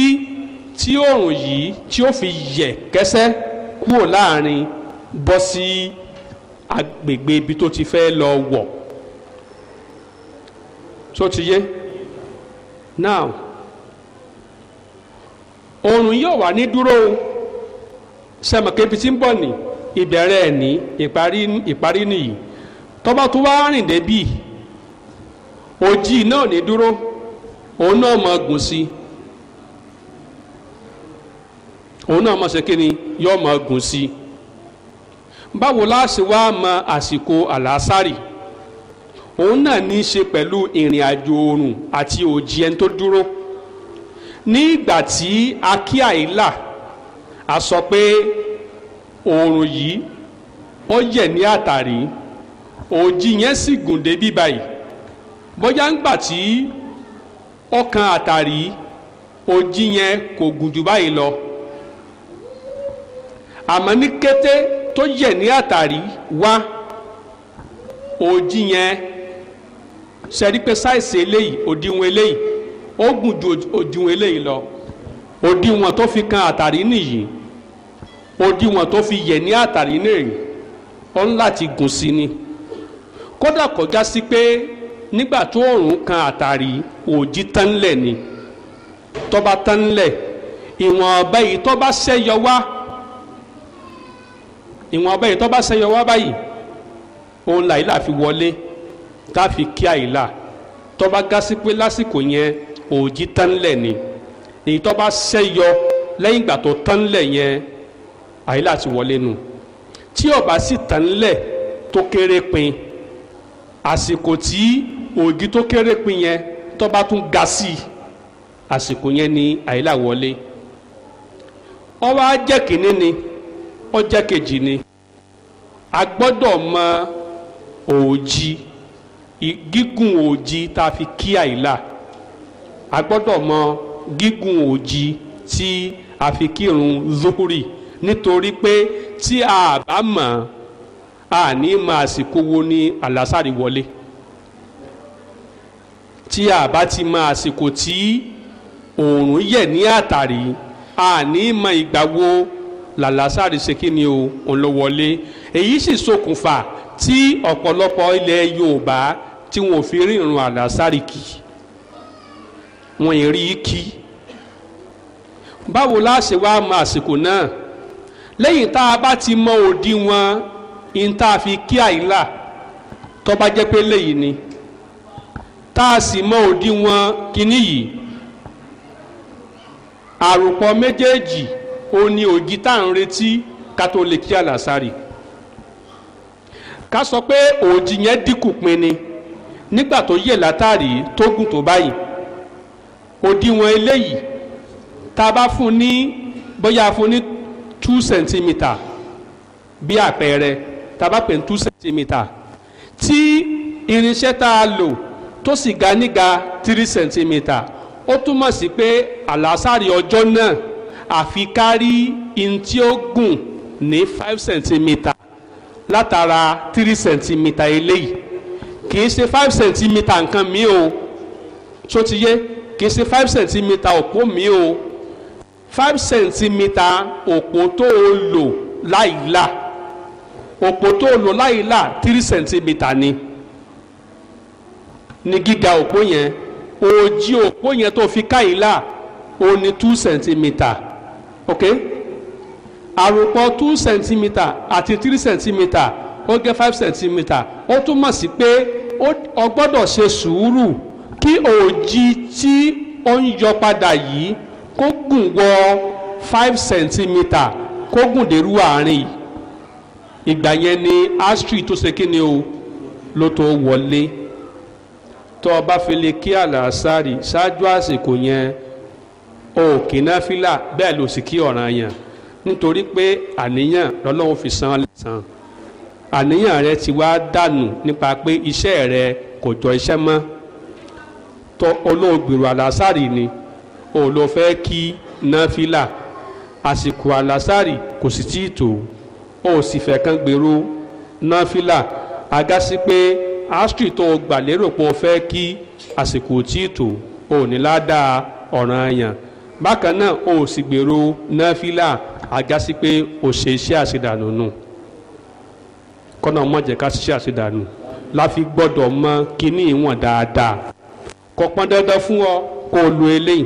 [SPEAKER 1] tí òòrùn yìí tí ó fi yẹ̀ kẹ́sẹ́ kúrò láàrin bọ́ sí agbègbè ibi tó ti fẹ́ lọ wọ̀ so ti yé now oòrùn yóò wà ní dúró sẹmọkẹbi tí ń bọ̀ ní ìbẹ̀rẹ̀ ẹ̀ ní ìparí ìparí nìyí tọ́ba tó wá rìn débì òjì náà ní dúró òun náà mọ gùn sí òun náà mọ ṣe yóò mọ gùn sí báwo la wá mọ àsìkò àlàásárì òun náà ní í ṣe pẹ̀lú ìrìn àjò oòrùn àti òjì ẹni tó dúró ní ìgbà tí a kí àìlà a sọ pé oòrùn yìí ó yẹ̀ ní àtàrí òjì yẹn sì gùn débí báyìí bóyá ńgbà tí ọkàn àtàrí òjì yẹn kò gùn jù báyìí lọ àmọ́ ní kété tó yẹ̀ ní àtàrí wá òjì yẹn sẹ́rí pé sáìsì eléyìí òdiwọ̀n eléyìí ó gùn ju òdiwọ̀n eléyìí lọ òdiwọ̀n tó fi kan àtàrí nìyí òdiwọ̀n tó fi yẹ̀ ní àtàrí nìyí ó ń láti gùn sí ni kódà kọjá sí pé nígbà tó òòrùn kan àtàrí òjì tán lẹ̀ ni tó tán lẹ̀ ìwọ̀n ọ̀bẹ yìí tó bá ṣẹ́yọ wá ìwọ̀n ọ̀bẹ yìí tó bá ṣẹ́yọ wá báyìí òun làyí là fi wọlé táfi kí àìlà tó bá ga sí pé lásìkò yẹn òòjì tán ni èyí tó bá ṣẹ́yọ lẹ́yìn ìgbà tó tán lẹ̀ yẹn àìlà ti wọlé nù tí ó bá sì tán lẹ̀ tó kéré pin àsìkò tí òòjì tó kéré pin yẹn tó tún ga sí àsìkò yẹn ni àìlà wọlé ó wá jẹ́ kínní ni ó jẹ́ kejì ni a gbọ́dọ̀ mọ òòjì gígùn òjì tá a fi kí àìlà a gbọ́dọ̀ mọ gígùn òjì tí a fi kírun zuhuri nítorí pé tí a bá mọ̀ a ní máa sì kówó ní àlásàrì wọlé tí a bá ti mọ àsìkò tí oòrùn yẹ̀ ní àtàrí a ní mọ ìgbà wo làlásàrì ṣe kí ni o òun ló wọlé èyí sì ṣokùnfà tí ọ̀pọ̀lọpọ̀ ilẹ̀ Yorùbá tí wọn ò fi rí ìrun àlásárì kì wọn ì rí kí báwo la ṣe wá mọ àsìkò náà lẹ́yìn tá a bá ti mọ òdiwọ̀n in tá a fi kí àyílà tó bá jẹ́ pé léyìí ni tá a sì mọ òdiwọ̀n kínní yìí àròpọ̀ méjèèjì ó ní tá à ń retí ká tó lè kí àlásárì ká sọ pé òòjì yẹn dínkù pin ni nígbà tó yẹ látàrí tó gùn tó báyìí òdiwọ̀n eléyìí tá a bá fún ní bóyá fún ní two centimeter bí àpẹẹrẹ tá a bá pè ní two centimeter tí irinṣẹ́ tá a lò tó sì ga níga three centimeter ó túmọ̀ sí pé àlàsàrì ọjọ́ náà àfi kárí in tí ó gùn ní five centimeter látara three centimetre eléyìí kì í ṣe five centimetre nǹkan mi o tó ti yé kì í ṣe five centimetre òpó mi o five centimetre òpó tó o lò láìla òpó tó o lò láìla three centimetre ni ni gíga òpó yẹn òjì òpó yẹn tó fi káyìí là ó ní two centimetre ok àròpọ̀ two centimeter àti three centimeter ó gé five centimeter ó túmọ̀ sí pé ó gbọ́dọ̀ ṣe sùúrù kí òòjì tí ó ń yọ padà yìí kó gùn wọ five centimeter kó gùn dérú àárín ìgbà yẹn ni astri tó ṣe kí ni o ló tó wọlé tó o bá fi lè kí àlàásárì ṣáájú àsìkò yẹn o kì í náfìlà bẹ́ẹ̀ ló sì kí ọ̀ràn yẹn nítorí pé àníyàn lọ́lọ́run fi san lẹ́san àníyàn rẹ ti wá dànù nípa pé iṣẹ́ rẹ kò jọ iṣẹ́ mọ́ tó olóògbèrò àlásàrì ni olófẹ́ kí náfìlà àsìkò àlásàrì kò sì tí ì tó o sì fẹ́ kán gbèrò náfìlà agásí pé astri tó o gbà lérò pé o fẹ́ kí àsìkò tí ì tó o ní ládàá ọ̀ranyàn bákan náà o sì gbèrò náfìlà àjásí pé ó ṣe iṣẹ́ àṣedànù nù kọ́nà mọ̀ jẹ́ ká ṣiṣẹ́ àṣedànù láfi gbọ́dọ̀ mọ kíní ìwọ̀n dáadáa kò pọn dandan fún ọ kó o lo eléyìí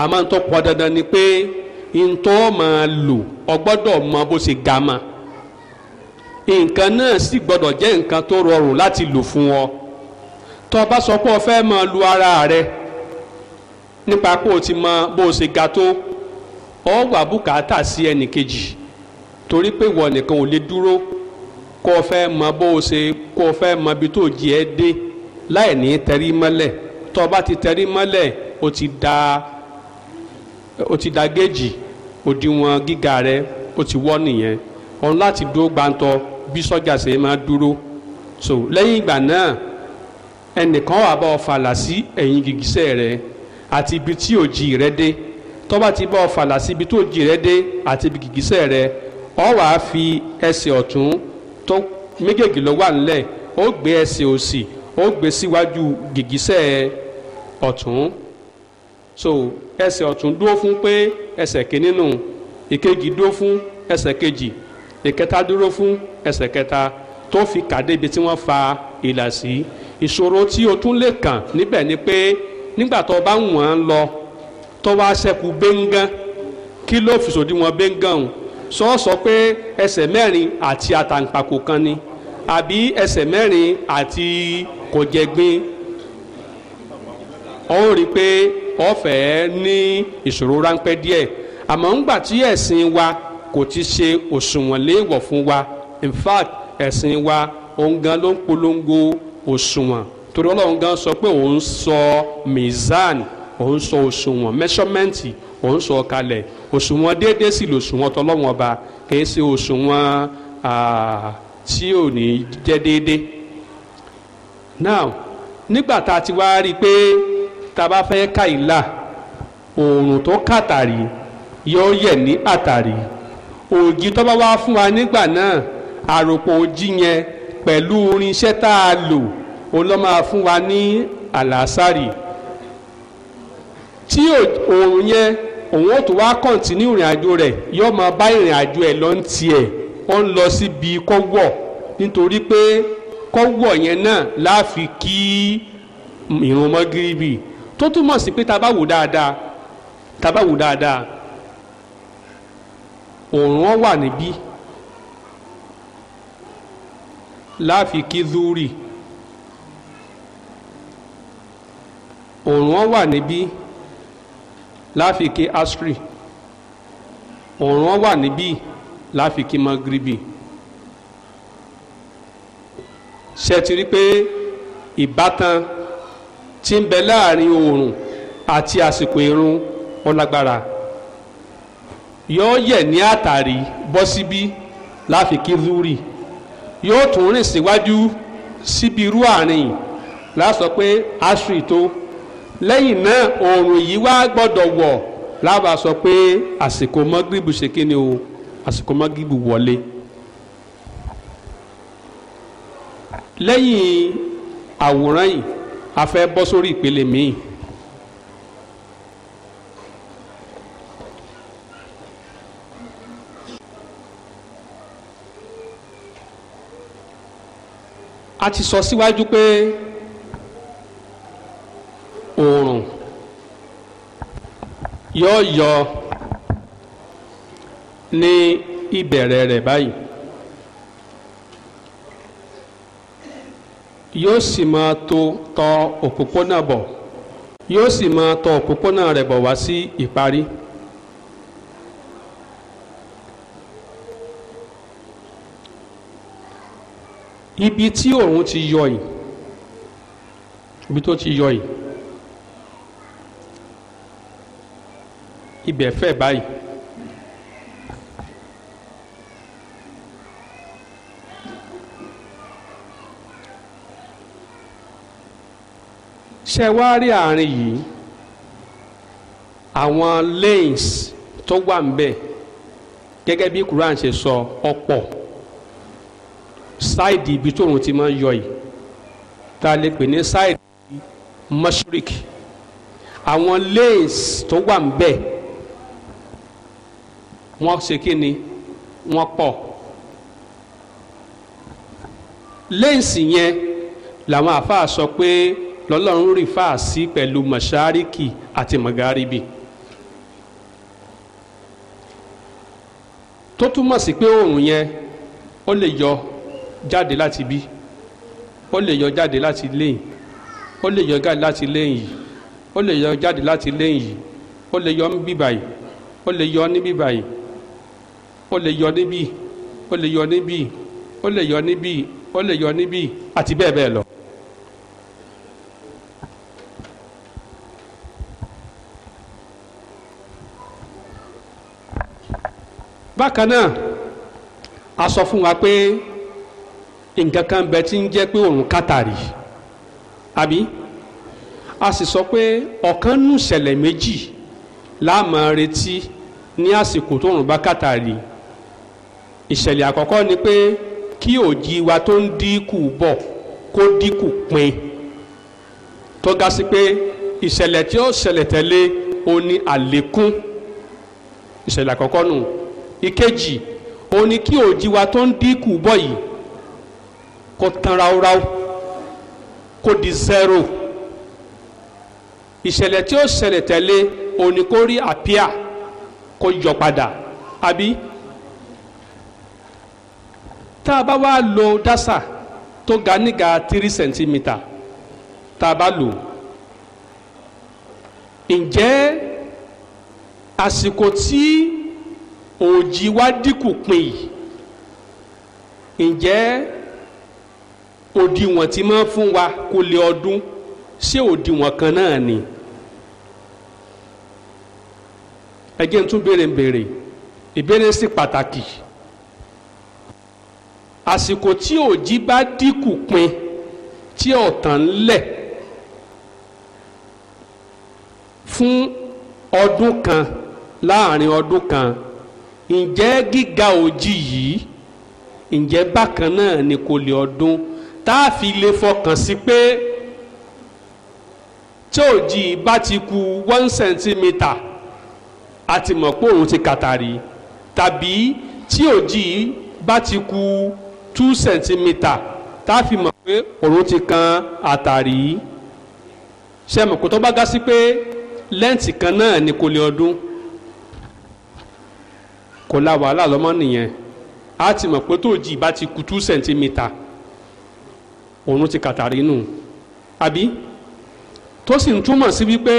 [SPEAKER 1] àmọ́ tó pọn dandan ni pé ntọ́ máa lò ọ gbọ́dọ̀ mọ bó ṣe ga ma nǹkan náà sì gbọ́dọ̀ jẹ́ nǹkan tó rọrùn láti lò fún ọ tó bá sọ pé o fẹ́ máa lu ara rẹ nípa pé o ti mọ bó ṣe ga tó ọ wà bùkátà sí ẹnìkejì torí pé wọ nìkan ò lè dúró kó o fẹ́ mọ bó o ṣe kó o fẹ́ mọ ibi tó jẹ ẹ́ dé láì ní tẹrí mọ́lẹ̀ tó o bá ti tẹrí mọ́lẹ̀ o ti da o ti da géèjì òdiwọ̀n gíga rẹ o ti wọ́ nìyẹn ọ̀n láti dúró gbàǹtọ̀ bí sọ́jà ṣe máa dúró so lẹ́yìn ìgbà náà ẹnìkan wà bá ọ fàlà sí ẹ̀yìn gìgísẹ̀ rẹ àti ibi tí òjì rẹ dé tọ́ba ti bọ́ fàlà síbi tó jì rẹ dé àti ibi gìgísẹ̀ rẹ ọ wàá fi ẹsẹ̀ ọ̀tún tó méjèèjì ló wà ńlẹ̀ ó gbé ẹsẹ̀ òsì ó gbé síwájú gìgísẹ̀ ọ̀tún so ẹsẹ̀ ọ̀tún dúró fún pé ẹsẹ̀ kìíní nù ìkejì dúró fún ẹsẹ̀ kejì ìkẹta dúró fún ẹsẹ̀ kẹta tó fi kàdé ibi tí wọ́n fa ìlà sí ìṣòro tí o tún lè kàn níbẹ̀ ni pé nígbà tó o bá wọ̀n lọ tó wá ṣẹ́kù bẹ́ńgán kí ló fi sòdiwọ̀n bẹ́ńgán òun sọ sọ pé ẹsẹ̀ mẹ́rin àti àtàǹpàkò kan ni àbí ẹsẹ̀ mẹ́rin àti kòjẹ̀gbin ó rí i pé ó fẹ́ ní ìṣòro ráńpẹ́ díẹ̀ àmọ́ ńgbà tí ẹ̀sìn wa kò ti ṣe òṣùwọ̀n léèwọ̀ fún wa in fact ẹ̀sìn wa òun ló ń polongo òṣùwọ̀n torí ọlọ́run sọ pé òun sọ mizan òun sọ òṣùwọ̀n mẹ́ṣọ́mẹ́ǹtì òun sọ kalẹ̀ òṣùwọ̀n déédéé sì lòṣùwọ̀n tọlọ́wọ̀n ọba kì í ṣe òṣùwọ̀n tí ò ní jẹ́ déédéé. now nígbà tá a ti wá rí i pé tá a bá fẹ́ ká ìlà oòrùn tó kàtàrí yóò yẹ̀ ní àtàrí òògì tó bá wá fún wa nígbà náà àròpọ̀ òjì yẹn pẹ̀lú irinṣẹ́ tá a lò òun ló máa fún wa ní àlàásàrì tí òun yẹn òun ó tún wá kọ̀ǹtínú ìrìn àjò rẹ̀ yóò máa bá ìrìn àjò ẹ̀ lọ ń tiẹ̀ ó ń lọ síbi kọ́wọ̀ nítorí pé kọ́wọ̀ yẹn náà láàfi kí ìrun mọ́gìrìbì tó túmọ̀ sí pé tá a bá wò dáadáa tá a bá wò dáadáa òòrùn wà níbí láàfi kí zúrì òòrùn wà níbí láfikí asri òòrùn wà níbí láfikí magribi ṣe ti rí pé ìbátan tí ń bẹ láàrin òòrùn àti àsìkò ìrun ọlágbára yóò yẹ ní àtàrí bọ́ síbí láfikí zuri yóò tún rìn síwájú síbi irú àárín yìí láti sọ pé asri tó lẹ́yìn náà oòrùn yìí wá gbọ́dọ̀ wọ̀ lába sọ pé àsìkò mọ́gìrìbù ṣe kí ni o àsìkò mọ́gìrìbù wọlé. lẹ́yìn àwòrán yìí a fẹ́ bọ́ sórí ìpele míì. a ti sọ síwájú pé. oòrùn yóò yọ ní ìbẹ̀rẹ̀ rẹ̀ báyìí yóò sì máa tó tọ òpópónà bọ̀ yóò sì máa tọ òpópónà rẹ̀ bọ̀ wá sí ìparí. ibi tí ti yọ yìí ibi tó ti yọ yìí ibẹ̀ fẹ̀ báyìí. ṣe wá rí àárín yìí àwọn lanes tó wà ń bẹ̀ gẹ́gẹ́ bí Quran ṣe sọ ọ̀pọ̀ ṣáìdì ibi tóun ti máa ń yọ yìí ta lè pè ní ṣáìdì mashrik àwọn lanes tó wà ń wọ́n ṣe kí ni wọ́n pọ̀ lẹ́ǹsì yẹn làwọn àáfàá sọ pé lọ́lọ́run rí fàásì pẹ̀lú mọ̀ṣáríkì àti mọ̀gáríbì tó túmọ̀ sí pé oòrùn yẹn ó lè yọ jáde láti bí ó lè yọ jáde láti lẹ́yìn ó lè yọ jáde láti lẹ́yìn ó lè yọ jáde láti lẹ́yìn ó lè yọ ní bíbáyìí ó lè yọ ní bíbáyìí ó lè yọ níbí ó lè yọ níbí ó lè yọ níbí ó lè yọ níbí àti bẹ́ẹ̀ bẹ́ẹ̀ lọ. bákan náà a sọ fún wa pé nǹkan kan bẹ tí ń jẹ́ pé òun kàtàrí àbí a sì sọ pé ọ̀kan nù ṣẹlẹ̀ méjì la máa retí ní àsìkò tóun bá kàtàrí ìṣẹ̀lẹ̀ àkọ́kọ́ ni pé kí òjì wa tó ń dínkù bọ̀ kó dínkù pin tó ga sí pé ìṣẹ̀lẹ̀ tí ó ṣẹlẹ̀ tẹ̀lé o ní àlékún ìṣẹ̀lẹ̀ àkọ́kọ́ nù ìkejì o ní kí òjì wa tó ń dínkù bọ̀ yìí kó tán ráúráú kó di zero ìṣẹ̀lẹ̀ tí ó ṣẹlẹ̀ tẹ̀lé o ní kó rí àpíà kó yọ padà àbí tá a bá wá lo dásà tó ga níga tírí sẹ̀ntímítà tá a bá lò ǹjẹ́ àsìkò tí òjì wá dínkù pin yìí ǹjẹ́ òdiwọ̀n tí máa fún wa kò lè ọdún ṣé òdiwọ̀n kan náà ni ẹgbẹ́ tún béèrè ń béèrè ìbéèrè sí pàtàkì àsìkò tí òjì bá dínkù pin tí ọ̀tàn ń lẹ̀ fún ọdún kan láàrin ọdún kan ǹjẹ́ gíga òjì yìí ǹjẹ́ bákan náà ni kò lè ọdún tá a fi lè fọkàn sí pé tí òjì bá ti ku one centimeter a ti mọ̀ pé òun ti kàtàrí tàbí tí òjì bá ti ku two centimeter tá a fi mọ̀ pé òòrùn ti kan àtàrí ṣe mọ̀ kó tó bá ga sí pé lẹ́ǹtì kan náà ni kò lè ọdún kò la wàhálà lọ́mọ nìyẹn a ti mọ̀ pé tòjì bá ti kù two centimeter òòrùn ti kàtàrí nù àbí tó sì ń túmọ̀ sí wípé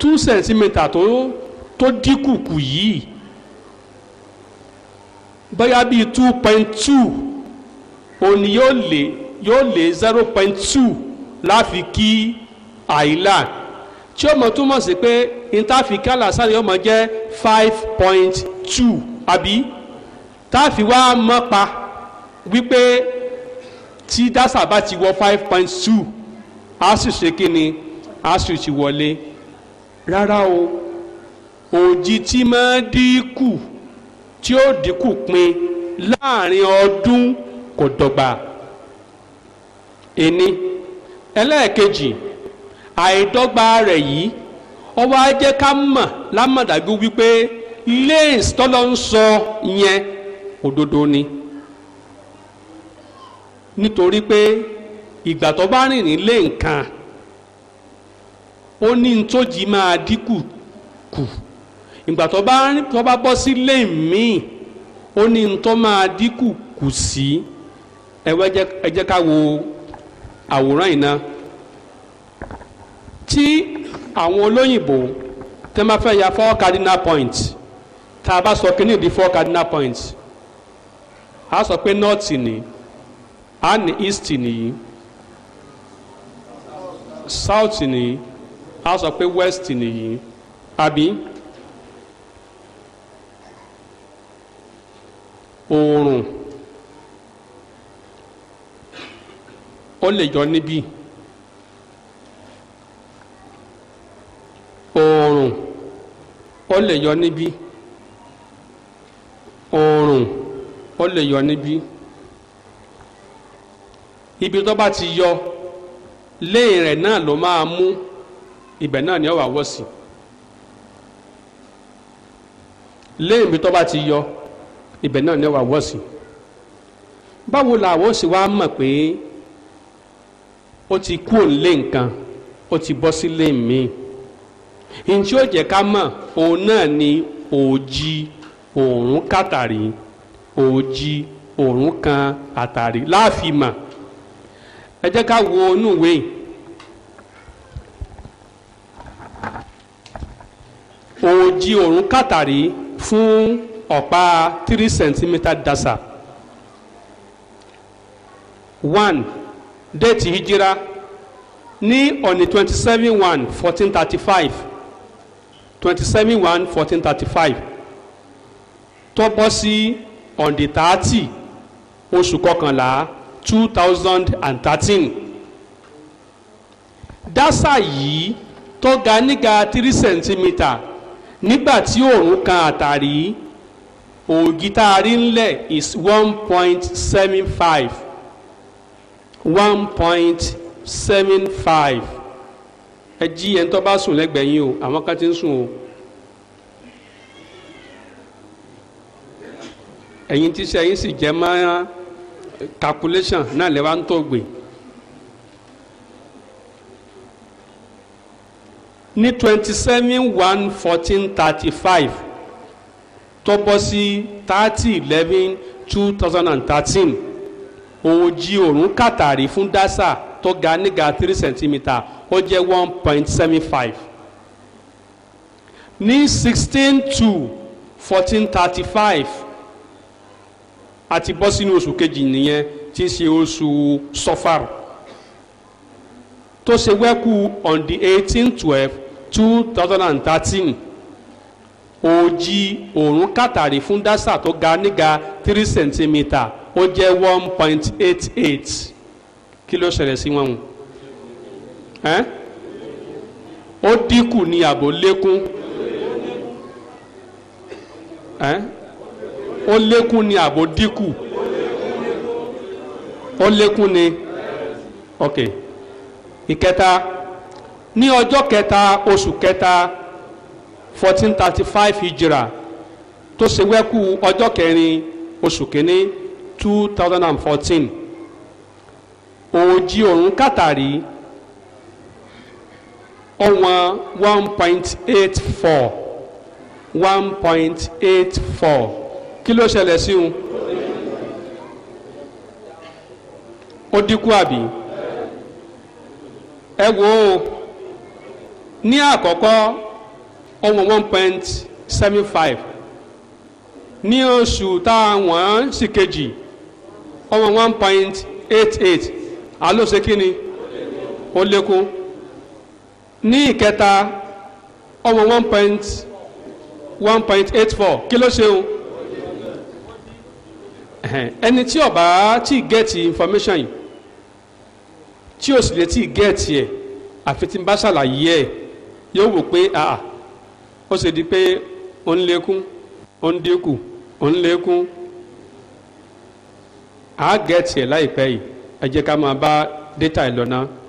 [SPEAKER 1] two centimeter tó tó dínkù kù yìí bóyá bíi two point two òun ni yóò lé yóò lé zero point two láfi kí àìlà tí ó mọ túmọ̀ sí pé intafikà làásàrè yóò mọ jẹ́ five point two àbí táàfin wá mọ́ pa wípé tí dásà bá ti wọ five point two á sì ṣe kí ni á sì ti wọlé rárá o òjì tí máa dínkù tí ó dínkù pin láàrin ọdún kò eni ení ẹlẹ́ẹ̀kejì àìdọ́gba rẹ̀ yìí ọwọ́ wá ká mọ̀ wípé lanes tọ́lọ́ ń sọ yẹn òdodo ni nítorí pé ìgbà tó bá lé nǹkan ó ní nítòjì máa dínkù kù Si ẹwọ ẹ jẹ́ ká wo àwòrán yìí ná tí àwọn olóyìnbó tẹ́ máa fẹ́ ya four cardinal points tá a bá sọ kíní di four cardinal points a sọ pé north ni a ní east nìyí south nìyí a sọ pé west nìyí àbí oòrùn. o le yọ níbí oòrùn o le yọ níbí oorun o le yọ níbí ibi tó ti yọ lẹ́yìn náà ló máa mú ibẹ̀ náà ni ọ wà wọ̀ sí lẹ́yìn ibi tó wà wọ̀ pé. ó ti kú òǹlé nǹkan ó ti bọ́ sílé míì ní tí ó jẹ́ ká mọ̀ òun náà ni òòjì òòrùn kàtàrí òòjì òòrùn kan àtàrí láàfin mọ̀ ẹ jẹ́ ká wo inú ìwé yìí. òòjì òòrùn kàtàrí fún ọ̀pá three centimeter dasa one Date hijira ní ọ̀nì twenty seven one fourteen thirty five twenty seven one fourteen thirty five tó bọ́ sí ọ̀nì thirty oṣù kọkànlá two thousand and thirteen dásà yìí tó ga níga three centimetre nígbà tí òòrùn kan àtàrí òògì tá a rí ńlẹ̀ is one point seven five 1.75 ẹ jí ẹ ń tọ́ bá sùn lẹ́gbẹ̀ẹ́ yín o àwọn kan ti ń sùn o ẹ̀yin ti ṣe ẹ̀yin sì jẹ́ máa calculation náà lẹ́wà ń tọ́ gbé ní 27.1.14.35 30.11.2013. òòjì òòrùn kàtàrí fún dasa tó ga níga three centimeter ó jẹ́ one point seven five ní sixteen to fourteen thirty five àti bọ́ sínú oṣù kejì nìyẹn tí ṣe oṣù sọfar tó ṣe wẹ́kú on the eighteen twelve two thousand and thirteen òòjì òòrùn kàtàrí fún dasa tó ga níga three centimeter ó jẹ́ one point eight eight kí ló ṣẹlẹ̀ sí wọn ó dínkù ní àbò lékún ó ní ok ìkẹta ní ọjọ́ kẹta oṣù kẹta fourteen thirty five hijira tó ṣe wẹ́kú ọjọ́ kẹrin oṣù 2014. thousand and fourteen òòjì òrùn kàtàrí ọ̀wọ́n one point eight four one point eight four kí ló ṣẹlẹ̀ sí un ó dínkù àbí ẹ wò ó ní àkọ́kọ́ ọ̀wọ́n one point seven five ní oṣù sì kejì ọmọ one point eight eight àlóṣe kínni ó lékún ní ìkẹta ọmọ one point one point eight four kí ló ṣe o ẹni tí ó tí gẹ́ẹ̀tì information yìí tí o sì lè tí gẹ́ẹ̀tì ẹ̀ àfi tí n bá ṣàlàyé ẹ̀ yóò wò pé àà ó ṣe di pé ó ń lékún ó ń dínkù ó ń lékún àá gẹ̀ẹ́tì ẹ̀ láìpẹ́ yìí ẹ jẹ́ ká máa bá data ẹ̀